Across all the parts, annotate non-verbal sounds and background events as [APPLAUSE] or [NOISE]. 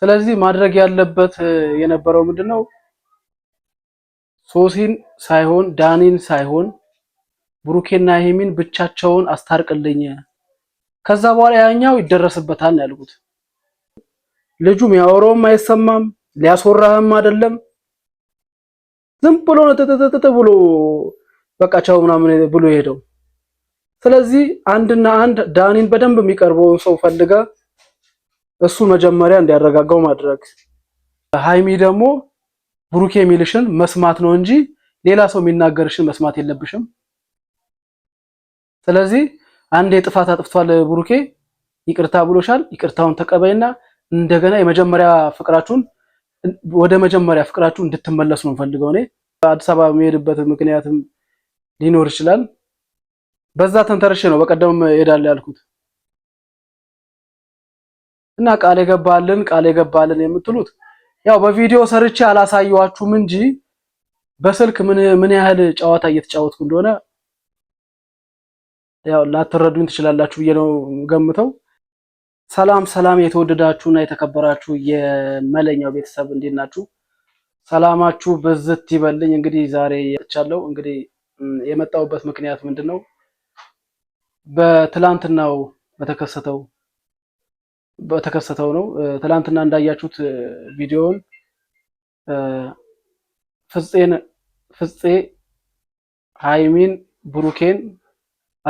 ስለዚህ ማድረግ ያለበት የነበረው ምንድነው ሶሲን ሳይሆን ዳኒን ሳይሆን ብሩኬና ሄሚን ብቻቸውን አስታርቅልኝ፣ ከዛ በኋላ ያኛው ይደረስበታል ያልኩት። ልጁም ያወራውም አይሰማም፣ ሊያስወራህም አይደለም። ዝም ብሎ ተተተተ ብሎ በቃ ቻው ምናምን ብሎ የሄደው ስለዚህ አንድና አንድ ዳኒን በደንብ የሚቀርበውን ሰው ፈልጋ እሱ መጀመሪያ እንዲያረጋጋው ማድረግ። ሀይሚ ደግሞ ብሩኬ የሚልሽን መስማት ነው እንጂ ሌላ ሰው የሚናገርሽን መስማት የለብሽም። ስለዚህ አንድ የጥፋት አጥፍቷል ብሩኬ ይቅርታ ብሎሻል። ይቅርታውን ተቀበይና እንደገና የመጀመሪያ ፍቅራችሁን ወደ መጀመሪያ ፍቅራችሁ እንድትመለሱ ነው ፈልገው። እኔ አዲስ አበባ የሚሄድበት ምክንያትም ሊኖር ይችላል። በዛ ተንተርሼ ነው በቀደም እሄዳለሁ ያልኩት። እና ቃል የገባልን ቃል የገባልን የምትሉት ያው በቪዲዮ ሰርቼ አላሳየዋችሁም እንጂ በስልክ ምን ምን ያህል ጨዋታ እየተጫወትኩ እንደሆነ ያው ላትረዱኝ ትችላላችሁ ብዬ ነው ገምተው። ሰላም ሰላም፣ የተወደዳችሁና የተከበራችሁ የመለኛው ቤተሰብ እንዴት ናችሁ? ሰላማችሁ ብዝት ይበልኝ። እንግዲህ ዛሬ ያቻለው እንግዲህ የመጣሁበት ምክንያት ምንድን ነው? በትላንትናው በተከሰተው በተከሰተው ነው። ትላንትና እንዳያችሁት ቪዲዮውን ፍጼን ፍፄ ሀይሚን ብሩኬን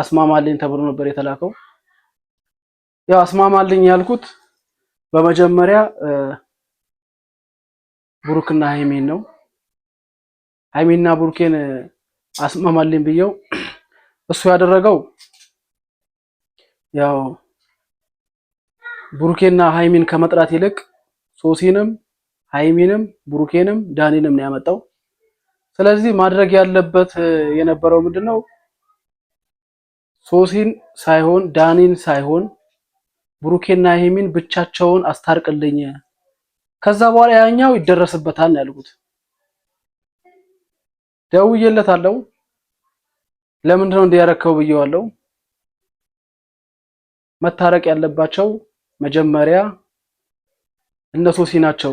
አስማማልኝ ተብሎ ነበር የተላከው። ያው አስማማልኝ ያልኩት በመጀመሪያ ብሩክና ሀይሚን ነው። ሀይሚና ብሩኬን አስማማልኝ ብየው እሱ ያደረገው ያው ብሩኬና ሃይሚን ከመጥራት ይልቅ ሶሲንም ሃይሚንም ብሩኬንም ዳኒንም ነው ያመጣው። ስለዚህ ማድረግ ያለበት የነበረው ምንድነው? ሶሲን ሳይሆን ዳኒን ሳይሆን ብሩኬና ሃይሚን ብቻቸውን አስታርቅልኝ፣ ከዛ በኋላ ያኛው ይደረስበታል ነው ያልኩት። ደውዬለታለሁ። ነው እንዲያረከው ብየዋለሁ። መታረቅ ያለባቸው መጀመሪያ እነ ሶሲ ናቸው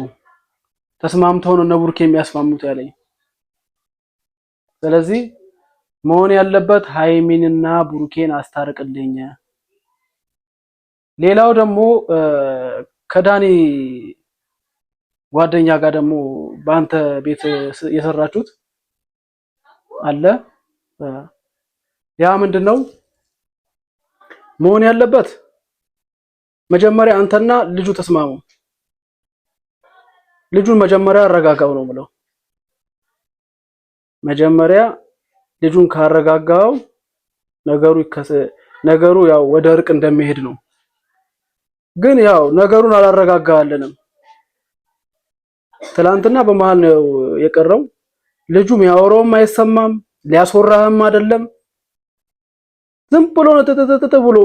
ተስማምተው ነው እነ ቡርኬ የሚያስማሙት ያለኝ። ስለዚህ መሆን ያለበት ሃይሚንና ቡሩኬን አስታርቅልኝ። ሌላው ደግሞ ከዳኒ ጓደኛ ጋር ደግሞ በአንተ ቤት የሰራችሁት አለ። ያ ምንድን ነው መሆን ያለበት? መጀመሪያ አንተና ልጁ ተስማሙ። ልጁን መጀመሪያ አረጋጋው ነው ምለው። መጀመሪያ ልጁን ካረጋጋው ነገሩ ነገሩ ያው ወደ እርቅ እንደሚሄድ ነው። ግን ያው ነገሩን አላረጋጋልንም። ትላንትና በመሃል ነው የቀረው። ልጁ የሚያወራውም አይሰማም፣ ሊያስወራህም አይደለም። ዝም ብሎ ነው ብሎ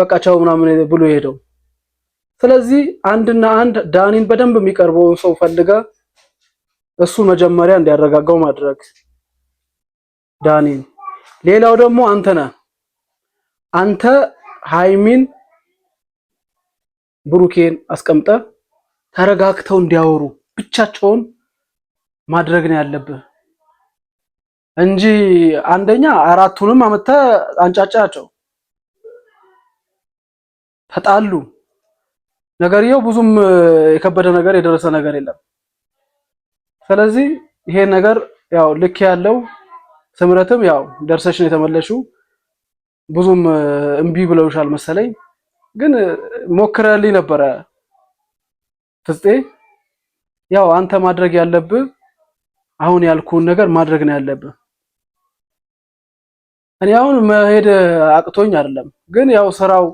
በቃ ቻው ምናምን ብሎ ሄደው። ስለዚህ አንድና አንድ ዳኒን በደንብ የሚቀርበውን ሰው ፈልገ እሱ መጀመሪያ እንዲያረጋጋው ማድረግ ዳኒን። ሌላው ደግሞ አንተ ነህ አንተ ሃይሚን ብሩኬን አስቀምጠ ተረጋግተው እንዲያወሩ ብቻቸውን ማድረግ ነው ያለብህ እንጂ አንደኛ አራቱንም አመተ አንጫጫቸው። ተጣሉ። ነገርየው ብዙም የከበደ ነገር የደረሰ ነገር የለም። ስለዚህ ይሄ ነገር ያው ልክ ያለው ስምረትም ያው ደርሰሽ ነው የተመለሽው። ብዙም እምቢ ብለውሻል መሰለኝ፣ ግን ሞክረልኝ ነበረ ፍፄ። ያው አንተ ማድረግ ያለብህ አሁን ያልኩህን ነገር ማድረግ ነው ያለብህ። እኔ አሁን መሄድ አቅቶኝ አይደለም፣ ግን ያው ስራው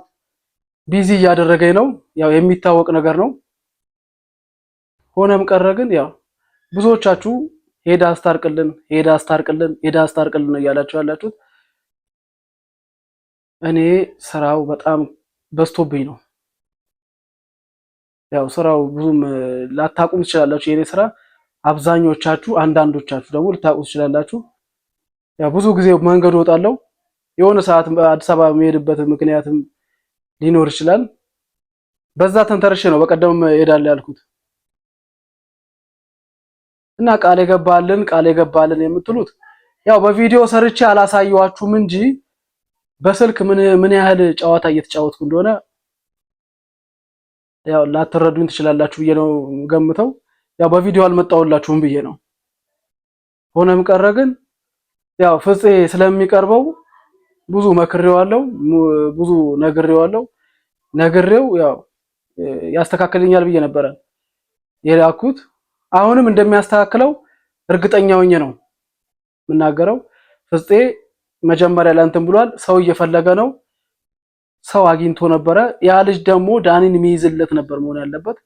ቢዚ እያደረገኝ ነው። ያው የሚታወቅ ነገር ነው። ሆነም ቀረ ግን ያው ብዙዎቻችሁ ሄዳ አስታርቅልን፣ ሄዳ አስታርቅልን፣ ሄዳ አስታርቅልን እያላችሁ ያላችሁት እኔ ስራው በጣም በዝቶብኝ ነው። ያው ስራው ብዙም ላታቁም ትችላላችሁ። የኔ ስራ አብዛኞቻችሁ፣ አንዳንዶቻችሁ ደግሞ ልታቁም ትችላላችሁ። ያው ብዙ ጊዜ መንገድ ወጣለው የሆነ ሰዓት አዲስ አበባ የሚሄድበት ምክንያትም ሊኖር ይችላል። በዛ ተንተርሼ ነው በቀደም ሄዳለ ያልኩት እና ቃል የገባልን ቃል የገባልን የምትሉት ያው በቪዲዮ ሰርቼ አላሳየዋችሁም እንጂ በስልክ ምን ምን ያህል ጨዋታ እየተጫወትኩ እንደሆነ ያው ላትረዱኝ ትችላላችሁ ብዬ ነው ገምተው። ያው በቪዲዮ አልመጣሁላችሁም ብዬ ነው። ሆነም ቀረ ግን ያው ፍፄ ስለሚቀርበው ብዙ መክሬዋለሁ፣ ብዙ ነግሬዋለሁ። ነግሬው ያው ያስተካክልኛል ብዬ ነበረ የላኩት። አሁንም እንደሚያስተካክለው እርግጠኛ ሆኜ ነው የምናገረው። ፍጼ መጀመሪያ ላይ ብሏል። ሰው እየፈለገ ነው። ሰው አግኝቶ ነበረ። ያ ልጅ ደግሞ ዳኒን የሚይዝለት ነበር መሆን ያለበት።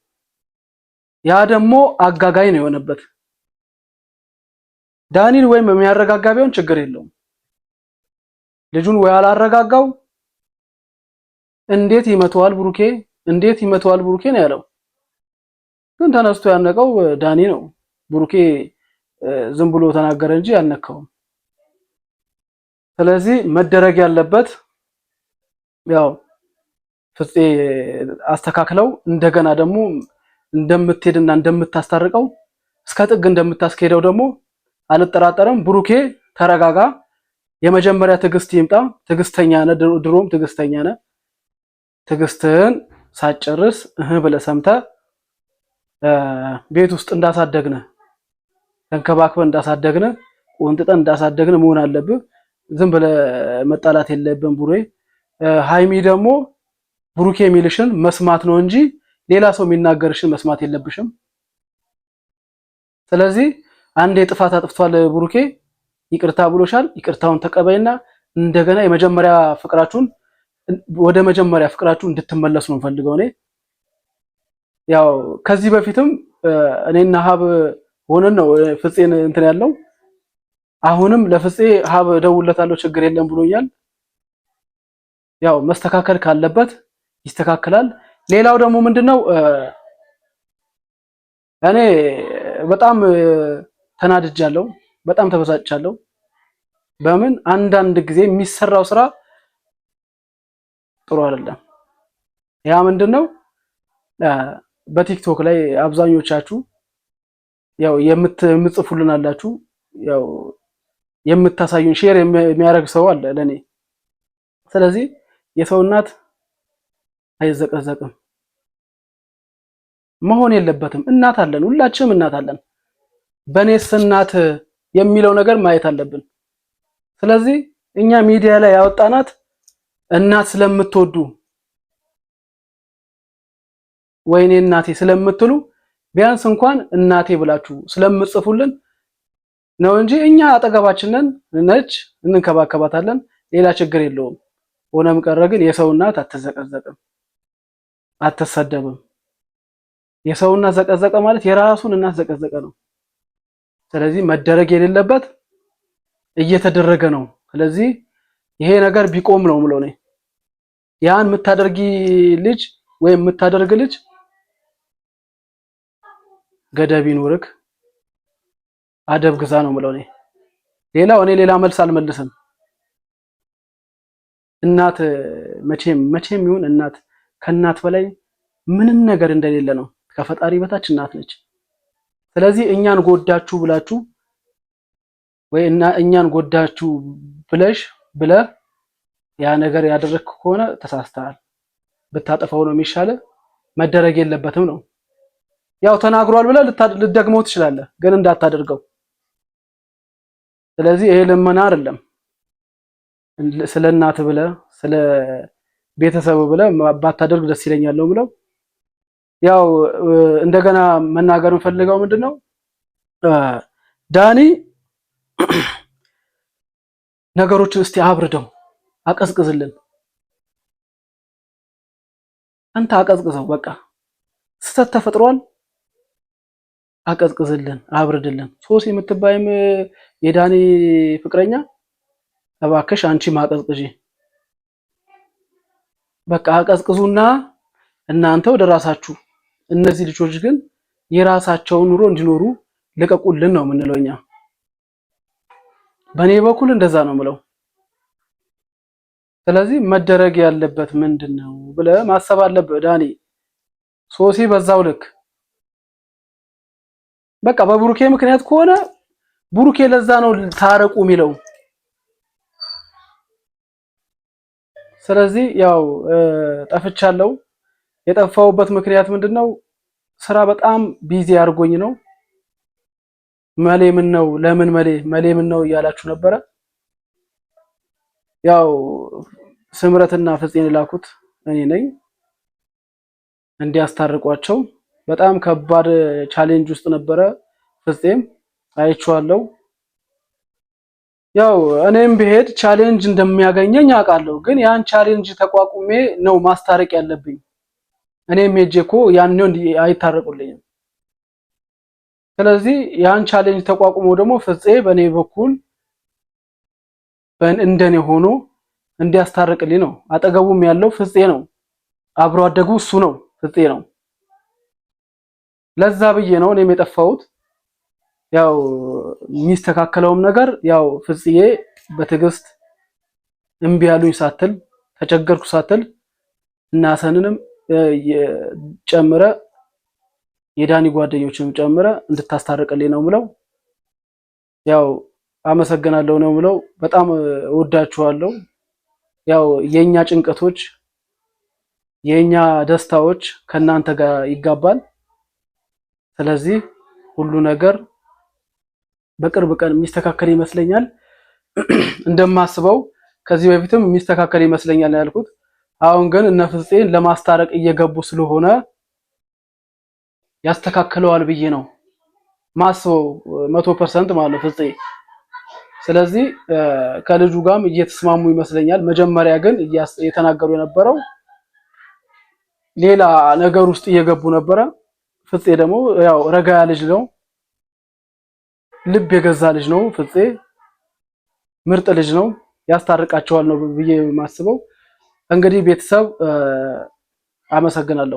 ያ ደግሞ አጋጋይ ነው የሆነበት። ዳኒን ወይም የሚያረጋጋ ቢሆን ችግር የለውም። ልጁን ወይ አላረጋጋው። እንዴት ይመተዋል ብሩኬ፣ እንዴት ይመተዋል ብሩኬ ነው ያለው። ግን ተነስቶ ያነቀው ዳኒ ነው። ብሩኬ ዝም ብሎ ተናገረ እንጂ ያልነካውም። ስለዚህ መደረግ ያለበት ያው ፍፄ አስተካክለው እንደገና ደግሞ እንደምትሄድና እንደምታስታርቀው እስከ ጥግ እንደምታስኬደው ደግሞ አልጠራጠርም። ብሩኬ ተረጋጋ። የመጀመሪያ ትዕግስት ይምጣ። ትዕግስተኛ ነህ፣ ድሮም ትዕግስተኛ ነህ። ትዕግስትህን ሳጨርስ እህ ብለህ ሰምተህ ቤት ውስጥ እንዳሳደግንህ ተንከባክበህ እንዳሳደግንህ ቁንጥጠን እንዳሳደግንህ መሆን አለብህ። ዝም ብለህ መጣላት የለብን ቡሬ ሃይሚ ደግሞ ብሩኬ የሚልሽን መስማት ነው እንጂ ሌላ ሰው የሚናገርሽን መስማት የለብሽም። ስለዚህ አንዴ ጥፋት አጥፍቷል ብሩኬ ይቅርታ ብሎሻል፣ ይቅርታውን ተቀበይና እንደገና የመጀመሪያ ፍቅራችሁን ወደ መጀመሪያ ፍቅራችሁ እንድትመለሱ ነው ፈልገው። እኔ ያው ከዚህ በፊትም እኔና ሀብ ሆነን ነው ፍፄን እንትን ያለው። አሁንም ለፍፄ ሀብ እደውልለታለሁ ችግር የለም ብሎኛል። ያው መስተካከል ካለበት ይስተካከላል። ሌላው ደግሞ ምንድነው እኔ በጣም ተናድጃለሁ። በጣም ተበሳጭቻለሁ። በምን አንዳንድ ጊዜ የሚሰራው ስራ ጥሩ አይደለም። ያ ምንድን ነው? በቲክቶክ ላይ አብዛኞቻችሁ ያው የምትጽፉልን አላችሁ፣ ያው የምታሳዩን ሼር የሚያደርግ ሰው አለ ለኔ። ስለዚህ የሰው እናት አይዘቀዘቅም መሆን የለበትም። እናት አለን፣ ሁላችንም እናት አለን። በኔስ እናት የሚለው ነገር ማየት አለብን። ስለዚህ እኛ ሚዲያ ላይ ያወጣናት እናት ስለምትወዱ ወይኔ እናቴ ስለምትሉ ቢያንስ እንኳን እናቴ ብላችሁ ስለምጽፉልን ነው እንጂ እኛ አጠገባችንን ነች፣ እንንከባከባታለን። ሌላ ችግር የለውም። ሆነም ቀረ ግን የሰው እናት አትዘቀዘቅም፣ አትሰደብም። የሰው እናት ዘቀዘቀ ማለት የራሱን እናት ዘቀዘቀ ነው። ስለዚህ መደረግ የሌለበት እየተደረገ ነው። ስለዚህ ይሄ ነገር ቢቆም ነው ምለው ነኝ። ያን የምታደርጊ ልጅ ወይም የምታደርግ ልጅ ገደብ ይኑርክ፣ አደብ ግዛ ነው ምለው ነኝ። ሌላው እኔ ሌላ መልስ አልመልስም። እናት መቼም መቼም ይሁን እናት ከእናት በላይ ምንም ነገር እንደሌለ ነው። ከፈጣሪ በታች እናት ነች። ስለዚህ እኛን ጎዳችሁ ብላችሁ ወይ እና እኛን ጎዳችሁ ብለሽ ብለ ያ ነገር ያደረግክ ከሆነ ተሳስተሃል። ብታጠፋው ነው የሚሻለ፣ መደረግ የለበትም ነው። ያው ተናግሯል ብለ ልደግመው ትችላለህ፣ ግን እንዳታደርገው። ስለዚህ ይሄ ልመና አይደለም። ስለ እናት ብለ ስለ ቤተሰብ ብለ ባታደርግ ደስ ይለኛል ነው ብለው ያው እንደገና መናገር የምፈልገው ምንድን ነው ዳኒ [CLEARS THROAT] ነገሮችን እስቲ አብርደው አቀዝቅዝልን። አንተ አቀዝቅዘው፣ በቃ ስህተት ተፈጥሯል። አቀዝቅዝልን፣ አብርድልን። ሶስ የምትባይም የዳኒ ፍቅረኛ እባክሽ አንቺ ማቀዝቅዢ በቃ አቀዝቅዙና እናንተ ወደ ራሳችሁ እነዚህ ልጆች ግን የራሳቸውን ኑሮ እንዲኖሩ ልቀቁልን ነው የምንለው እኛ። በእኔ በኩል እንደዛ ነው ምለው። ስለዚህ መደረግ ያለበት ምንድን ነው ብለህ ማሰብ አለብህ ዳኒ። ሶሲ በዛው ልክ በቃ በብሩኬ ምክንያት ከሆነ ብሩኬ ለዛ ነው ታረቁ የሚለው። ስለዚህ ያው ጠፍቻለሁ የጠፋሁበት ምክንያት ምንድን ነው? ስራ በጣም ቢዚ አድርጎኝ ነው። መሌ ምን ነው ለምን መሌ መሌ ምን ነው እያላችሁ ነበረ። ያው ስምረትና ፍፄን ላኩት እኔ ነኝ እንዲያስታርቋቸው። በጣም ከባድ ቻሌንጅ ውስጥ ነበረ። ፍፄም አይቼዋለሁ። ያው እኔም ብሄድ ቻሌንጅ እንደሚያገኘኝ አውቃለሁ። ግን ያን ቻሌንጅ ተቋቁሜ ነው ማስታረቅ ያለብኝ። እኔም ሄጄ እኮ ያኔው አይታረቁልኝም። ስለዚህ ያን ቻሌንጅ ተቋቁሞ ደግሞ ፍፄ በእኔ በኩል እንደኔ ሆኖ እንዲያስታርቅልኝ ነው። አጠገቡም ያለው ፍፄ ነው፣ አብሮ አደጉ እሱ ነው፣ ፍፄ ነው። ለዛ ብዬ ነው እኔም የጠፋሁት። ያው የሚስተካከለውም ነገር ያው ፍጽዬ በትዕግስት እምቢ ያሉኝ ሳትል ተቸገርኩ ሳትል እናሰንንም ጨምረ የዳኒ ጓደኞችም ጨምረ እንድታስታርቅልኝ ነው ምለው። ያው አመሰግናለሁ ነው ምለው። በጣም እወዳችኋለሁ። ያው የኛ ጭንቀቶች የኛ ደስታዎች ከእናንተ ጋር ይጋባል። ስለዚህ ሁሉ ነገር በቅርብ ቀን የሚስተካከል ይመስለኛል። [CLEARS THROAT] እንደማስበው ከዚህ በፊትም የሚስተካከል ይመስለኛል ያልኩት አሁን ግን እነ ፍፄን ለማስታረቅ እየገቡ ስለሆነ ያስተካክለዋል ብዬ ነው ማስበው፣ መቶ ፐርሰንት ማለት ፍፄ። ስለዚህ ከልጁ ጋርም እየተስማሙ ይመስለኛል። መጀመሪያ ግን እየተናገሩ የነበረው ሌላ ነገር ውስጥ እየገቡ ነበረ። ፍፄ ደግሞ ያው ረጋያ ልጅ ነው፣ ልብ የገዛ ልጅ ነው። ፍፄ ምርጥ ልጅ ነው፣ ያስታርቃቸዋል ነው ብዬ ማስበው። እንግዲህ ቤተሰብ አመሰግናለሁ።